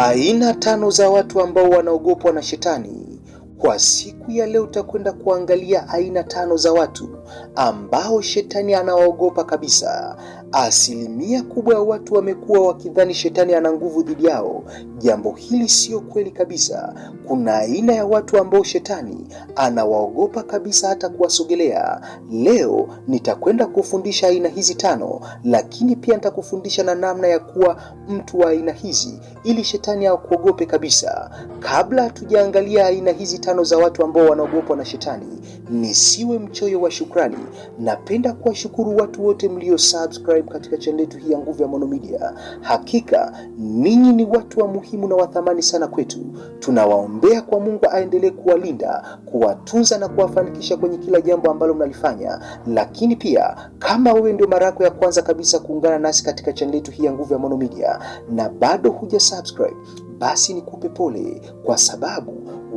aina tano za watu ambao wanaogopwa na shetani. Kwa siku ya leo utakwenda kuangalia aina tano za watu ambao shetani anawaogopa kabisa, asilimia kubwa ya watu wamekuwa wakidhani shetani ana nguvu dhidi yao. Jambo hili sio kweli kabisa. Kuna aina ya watu ambao shetani anawaogopa kabisa hata kuwasogelea. Leo nitakwenda kufundisha aina hizi tano, lakini pia nitakufundisha na namna ya kuwa mtu wa aina hizi ili shetani akuogope kabisa. Kabla hatujaangalia aina hizi tano za watu ambao wanaogopwa na shetani, nisiwe mchoyo wa shukrani. Napenda kuwashukuru watu wote mlio subscribe kusubscribe katika channel yetu hii ya Nguvu ya Maono Media. Hakika ninyi ni watu wa muhimu na wathamani sana kwetu. Tunawaombea kwa Mungu aendelee kuwalinda, kuwatunza na kuwafanikisha kwenye kila jambo ambalo mnalifanya. Lakini pia kama wewe ndio mara yako ya kwanza kabisa kuungana nasi katika channel yetu hii ya Nguvu ya Maono Media na bado huja subscribe, basi nikupe pole kwa sababu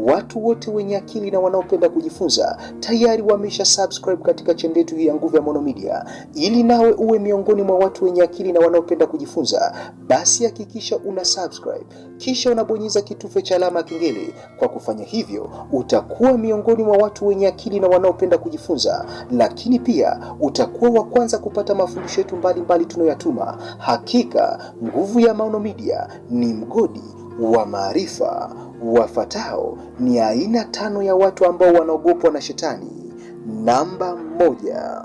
Watu wote wenye akili na wanaopenda kujifunza tayari wamesha subscribe katika channel yetu hii ya Nguvu ya Maono Media. Ili nawe uwe miongoni mwa watu wenye akili na wanaopenda kujifunza, basi hakikisha una subscribe kisha unabonyeza kitufe cha alama kengele. Kwa kufanya hivyo, utakuwa miongoni mwa watu wenye akili na wanaopenda kujifunza, lakini pia utakuwa wa kwanza kupata mafundisho yetu mbalimbali tunayoyatuma. Hakika Nguvu ya Maono Media ni mgodi wa maarifa. Wafatao ni aina tano ya watu ambao wanaogopwa na Shetani. Namba moja,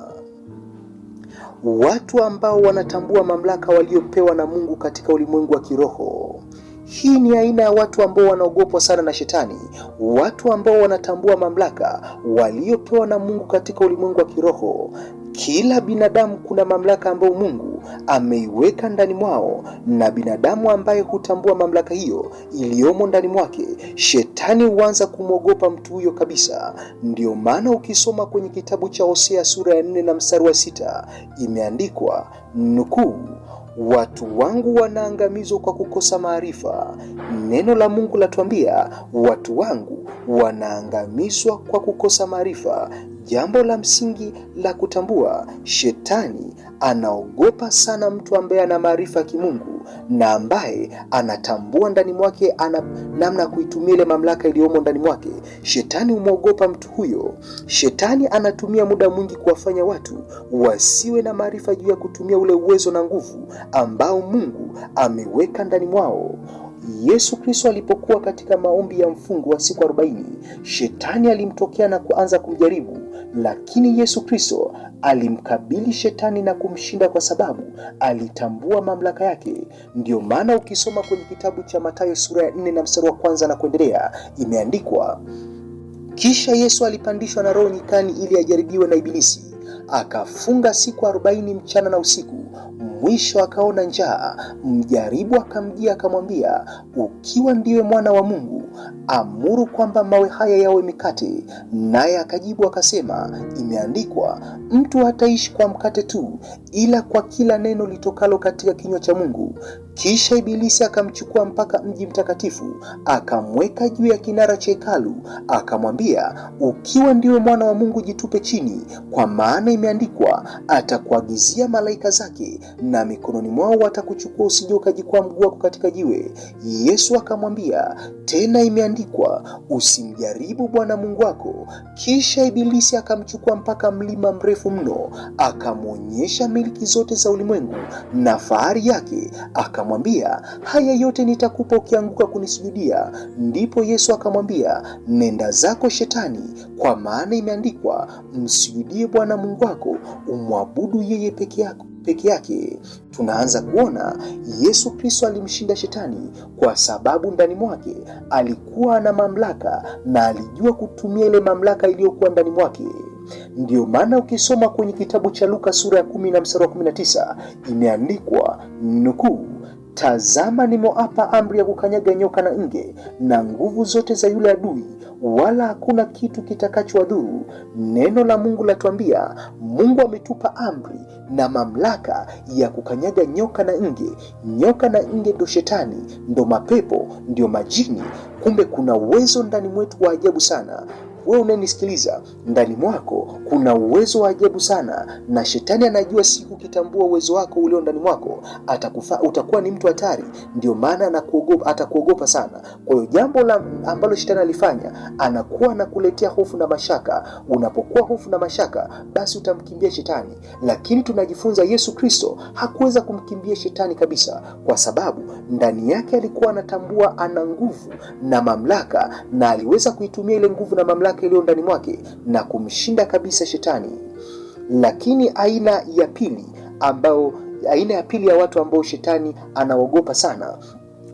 watu ambao wanatambua mamlaka waliopewa na Mungu katika ulimwengu wa kiroho. Hii ni aina ya watu ambao wanaogopwa sana na Shetani, watu ambao wanatambua mamlaka waliopewa na Mungu katika ulimwengu wa kiroho. Kila binadamu kuna mamlaka ambayo Mungu ameiweka ndani mwao, na binadamu ambaye hutambua mamlaka hiyo iliyomo ndani mwake, shetani huanza kumwogopa mtu huyo kabisa. Ndiyo maana ukisoma kwenye kitabu cha Hosea sura ya nne na mstari wa sita imeandikwa nukuu watu wangu wanaangamizwa kwa kukosa maarifa. Neno la Mungu latuambia watu wangu wanaangamizwa kwa kukosa maarifa. Jambo la msingi la kutambua, shetani anaogopa sana mtu ambaye ana maarifa ya kimungu na ambaye anatambua ndani mwake ana namna ya kuitumia ile mamlaka iliyomo ndani mwake. Shetani humwogopa mtu huyo. Shetani anatumia muda mwingi kuwafanya watu wasiwe na maarifa juu ya kutumia ule uwezo na nguvu ambao Mungu ameweka ndani mwao. Yesu Kristo alipokuwa katika maombi ya mfungo wa siku 40 shetani alimtokea na kuanza kumjaribu, lakini Yesu Kristo alimkabili shetani na kumshinda kwa sababu alitambua mamlaka yake. Ndiyo maana ukisoma kwenye kitabu cha Mathayo sura ya 4 na mstari wa kwanza na kuendelea, imeandikwa kisha Yesu alipandishwa na Roho nyikani ili ajaribiwe na Ibilisi akafunga siku arobaini mchana na usiku. Mwisho akaona njaa. Mjaribu akamjia akamwambia, ukiwa ndiwe mwana wa Mungu, amuru kwamba mawe haya yawe mikate. Naye akajibu akasema, imeandikwa, mtu hataishi kwa mkate tu, ila kwa kila neno litokalo katika kinywa cha Mungu. Kisha Ibilisi akamchukua mpaka mji mtakatifu, akamweka juu ya kinara cha hekalu, akamwambia, ukiwa ndiwe mwana wa Mungu jitupe chini, kwa maana imeandikwa, atakuagizia malaika zake, na mikononi mwao watakuchukua, usije ukajikwaa mguu wako katika jiwe. Yesu akamwambia, tena imeandikwa, usimjaribu Bwana Mungu wako. Kisha Ibilisi akamchukua mpaka mlima mrefu mno, akamwonyesha miliki zote za ulimwengu na fahari yake, akamwambia akamwambia, haya yote nitakupa ukianguka kunisujudia. Ndipo Yesu akamwambia, nenda zako Shetani, kwa maana imeandikwa, msujudie Bwana Mungu wako, umwabudu yeye peke yako peke yake. Tunaanza kuona Yesu Kristo alimshinda Shetani kwa sababu ndani mwake alikuwa na mamlaka na alijua kutumia ile mamlaka iliyokuwa ndani mwake. Ndiyo maana ukisoma kwenye kitabu cha Luka sura ya 10 na mstari wa 19 imeandikwa nukuu Tazama, nimoapa amri ya kukanyaga nyoka na nge na nguvu zote za yule adui, wala hakuna kitu kitakachowadhuru. Neno la Mungu latuambia, Mungu ametupa amri na mamlaka ya kukanyaga nyoka na nge. Nyoka na nge ndo shetani, ndo mapepo, ndio majini. Kumbe kuna uwezo ndani mwetu wa ajabu sana wewe unanisikiliza, ndani mwako kuna uwezo wa ajabu sana, na shetani anajua siku ukitambua uwezo wako ulio ndani mwako atakufa, utakuwa ni mtu hatari. Ndio maana anakuogopa, atakuogopa sana. Kwa hiyo jambo la ambalo shetani alifanya, anakuwa anakuletea hofu na mashaka. Unapokuwa hofu na mashaka, basi utamkimbia shetani, lakini tunajifunza Yesu Kristo hakuweza kumkimbia shetani kabisa, kwa sababu ndani yake alikuwa anatambua ana nguvu na mamlaka, na aliweza kuitumia ile nguvu na mamlaka yake iliyo ndani mwake na kumshinda kabisa shetani. Lakini aina ya pili ambayo aina ya pili ya watu ambao shetani anaogopa sana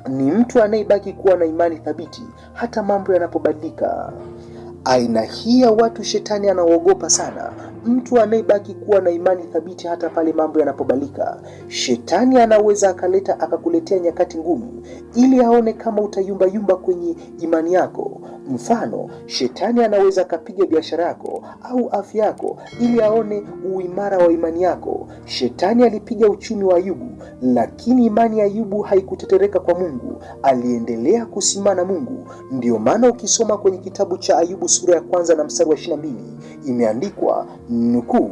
ni mtu anayebaki kuwa na imani thabiti hata mambo yanapobadilika. Aina hii ya watu shetani anaogopa sana. Mtu anayebaki kuwa na imani thabiti hata pale mambo yanapobalika. Shetani anaweza akaleta akakuletea nyakati ngumu ili aone kama utayumbayumba kwenye imani yako. Mfano, shetani anaweza akapiga biashara yako au afya yako ili aone uimara wa imani yako. Shetani alipiga uchumi wa Ayubu, lakini imani ya Ayubu haikutetereka kwa Mungu, aliendelea kusimama na Mungu. Ndiyo maana ukisoma kwenye kitabu cha Ayubu sura ya kwanza na mstari wa 22 imeandikwa nukuu,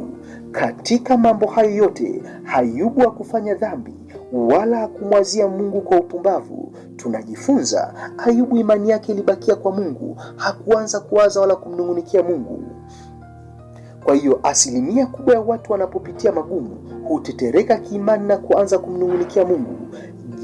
katika mambo hayo yote Ayubu hakufanya dhambi wala kumwazia Mungu kwa upumbavu. Tunajifunza Ayubu imani yake ilibakia kwa Mungu, hakuanza kuwaza wala kumnung'unikia Mungu. Kwa hiyo asilimia kubwa ya watu wanapopitia magumu hutetereka kiimani na kuanza kumnung'unikia Mungu.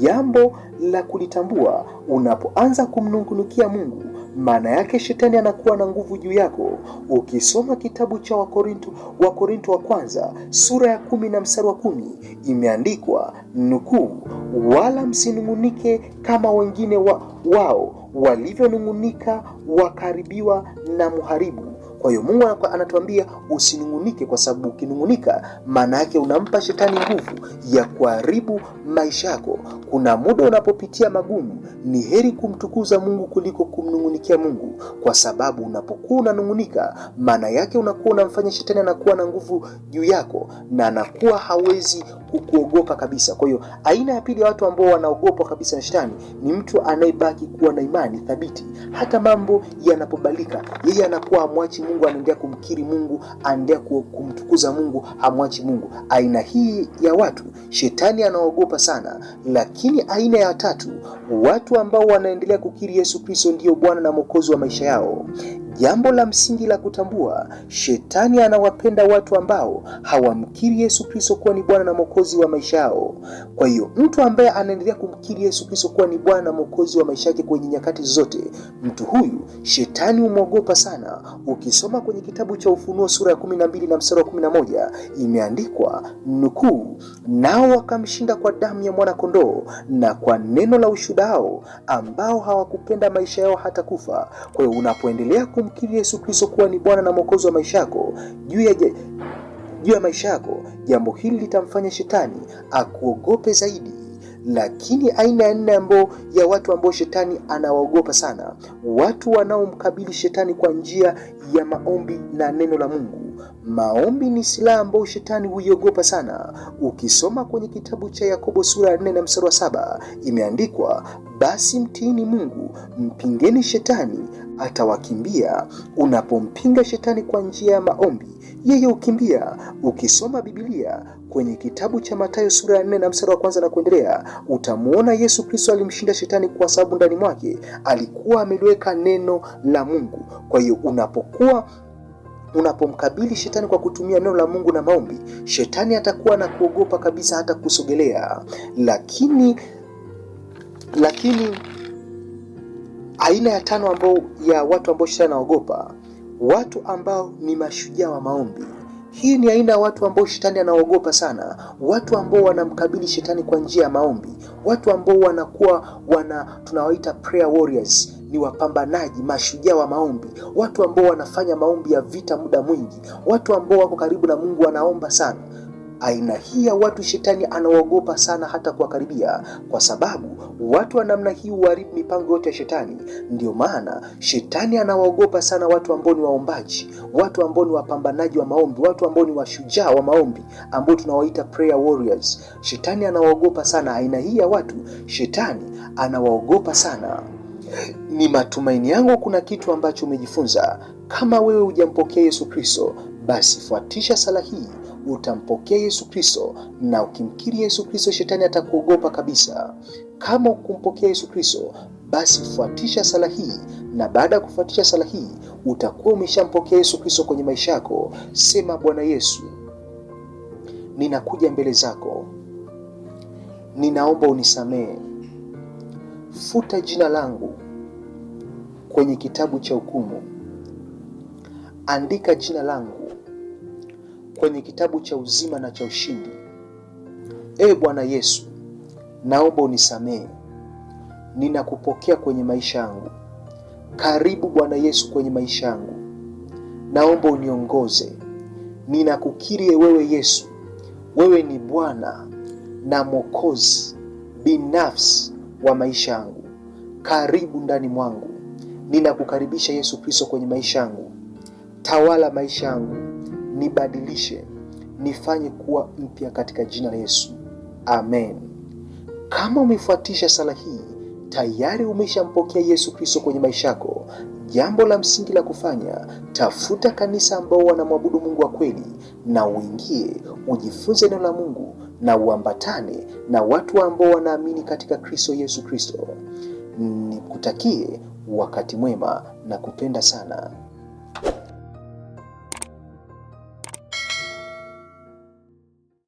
Jambo la kulitambua, unapoanza kumnung'unikia Mungu maana yake shetani anakuwa na nguvu juu yako. Ukisoma kitabu cha Wakorinto wa Korinto wa kwanza sura ya kumi na mstari wa kumi imeandikwa nukuu, wala msinung'unike kama wengine wa, wao walivyonung'unika wakaribiwa na mharibu kwa hiyo Mungu anatuambia usinung'unike, kwa sababu ukinung'unika, maana yake unampa shetani nguvu ya kuharibu maisha yako. Kuna muda unapopitia magumu, ni heri kumtukuza Mungu kuliko kumnung'unikia Mungu, kwa sababu unapokuwa unanung'unika, maana yake unakuwa unamfanya shetani anakuwa na nguvu juu yako na anakuwa hawezi kukuogopa kabisa. Kwa hiyo aina ya pili ya watu ambao wanaogopwa kabisa na shetani ni mtu anayebaki kuwa na imani thabiti hata mambo yanapobalika, yeye anakuwa amwachi Mungu, anaendelea kumkiri Mungu, anaendelea kumtukuza Mungu, hamwachi Mungu. Aina hii ya watu shetani anaogopa sana. Lakini aina ya tatu, watu ambao wanaendelea kukiri Yesu Kristo ndiyo Bwana na Mwokozi wa maisha yao. Jambo la msingi la kutambua, shetani anawapenda watu ambao hawamkiri Yesu Kristo kuwa ni Bwana na Mwokozi wa maisha yao. Kwa hiyo mtu ambaye anaendelea kumkiri Yesu Kristo kuwa ni Bwana na Mwokozi wa maisha yake kwenye nyakati zote, mtu huyu shetani humwogopa sana. Ukisoma kwenye kitabu cha Ufunuo sura ya 12 na mstari wa 11 imeandikwa nukuu, nao wakamshinda kwa damu ya mwanakondoo na kwa neno la ushuhudao, ambao hawakupenda maisha yao hata kufa. Kwa hiyo unapoendelea kum kumkiri Yesu Kristo kuwa ni Bwana na Mwokozi wa maisha yako juu ya juu ya maisha yako, jambo hili litamfanya shetani akuogope zaidi. Lakini aina ya nne ambao ya watu ambao shetani anawaogopa sana, watu wanaomkabili shetani kwa njia ya maombi na neno la Mungu. Maombi ni silaha ambayo shetani huiogopa sana. Ukisoma kwenye kitabu cha Yakobo sura ya 4 na mstari wa saba imeandikwa, basi mtiini Mungu, mpingeni shetani atawakimbia. Unapompinga shetani kwa njia ya maombi, yeye ukimbia Ukisoma Biblia kwenye kitabu cha Mathayo sura ya 4 na mstari wa kwanza na kuendelea, utamwona Yesu Kristo alimshinda shetani kwa sababu ndani mwake alikuwa ameliweka neno la Mungu. Kwa hiyo unapokuwa Unapomkabili shetani kwa kutumia neno la Mungu na maombi, shetani atakuwa na kuogopa kabisa hata kusogelea. Lakini lakini aina ya tano ambao ya watu ambao shetani anaogopa, watu ambao ni mashujaa wa maombi. Hii ni aina ya watu ambao shetani anaogopa sana, watu ambao wanamkabili shetani kwa njia ya maombi, watu ambao wanakuwa wana tunawaita prayer warriors ni wapambanaji, mashujaa wa maombi, watu ambao wanafanya maombi ya vita muda mwingi, watu ambao wako karibu na Mungu wanaomba sana. Aina hii ya watu shetani anawaogopa sana hata kuwakaribia, kwa sababu watu wa namna hii huharibu mipango yote ya shetani. ndio maana shetani anawaogopa sana watu ambao ni waombaji, watu ambao ni wapambanaji wa maombi, watu ambao ni washujaa wa maombi, ambao tunawaita prayer warriors. Shetani anawaogopa sana aina hii ya watu, shetani anawaogopa sana. Ni matumaini yangu kuna kitu ambacho umejifunza. Kama wewe hujampokea Yesu Kristo, basi fuatisha sala hii, utampokea Yesu Kristo, na ukimkiri Yesu Kristo, shetani atakuogopa kabisa. Kama ukumpokea Yesu Kristo, basi fuatisha sala hii, na baada ya kufuatisha sala hii utakuwa umeshampokea Yesu Kristo kwenye maisha yako. Sema, Bwana Yesu, ninakuja mbele zako, ninaomba unisamehe futa jina langu kwenye kitabu cha hukumu, andika jina langu kwenye kitabu cha uzima na cha ushindi. Ee Bwana Yesu, naomba unisamehe, ninakupokea kwenye maisha yangu. Karibu Bwana Yesu kwenye maisha yangu, naomba uniongoze. Ninakukiri wewe Yesu, wewe ni Bwana na Mwokozi binafsi wa maisha yangu. Karibu ndani mwangu, ninakukaribisha Yesu Kristo kwenye maisha yangu. Tawala maisha yangu, nibadilishe, nifanye kuwa mpya katika jina la Yesu, amen. Kama umefuatisha sala hii, tayari umeshampokea Yesu Kristo kwenye maisha yako jambo la msingi la kufanya, tafuta kanisa ambao wanamwabudu Mungu wa kweli, na uingie ujifunze neno la Mungu na uambatane na watu ambao wanaamini katika Kristo Yesu Kristo. Nikutakie wakati mwema na kupenda sana.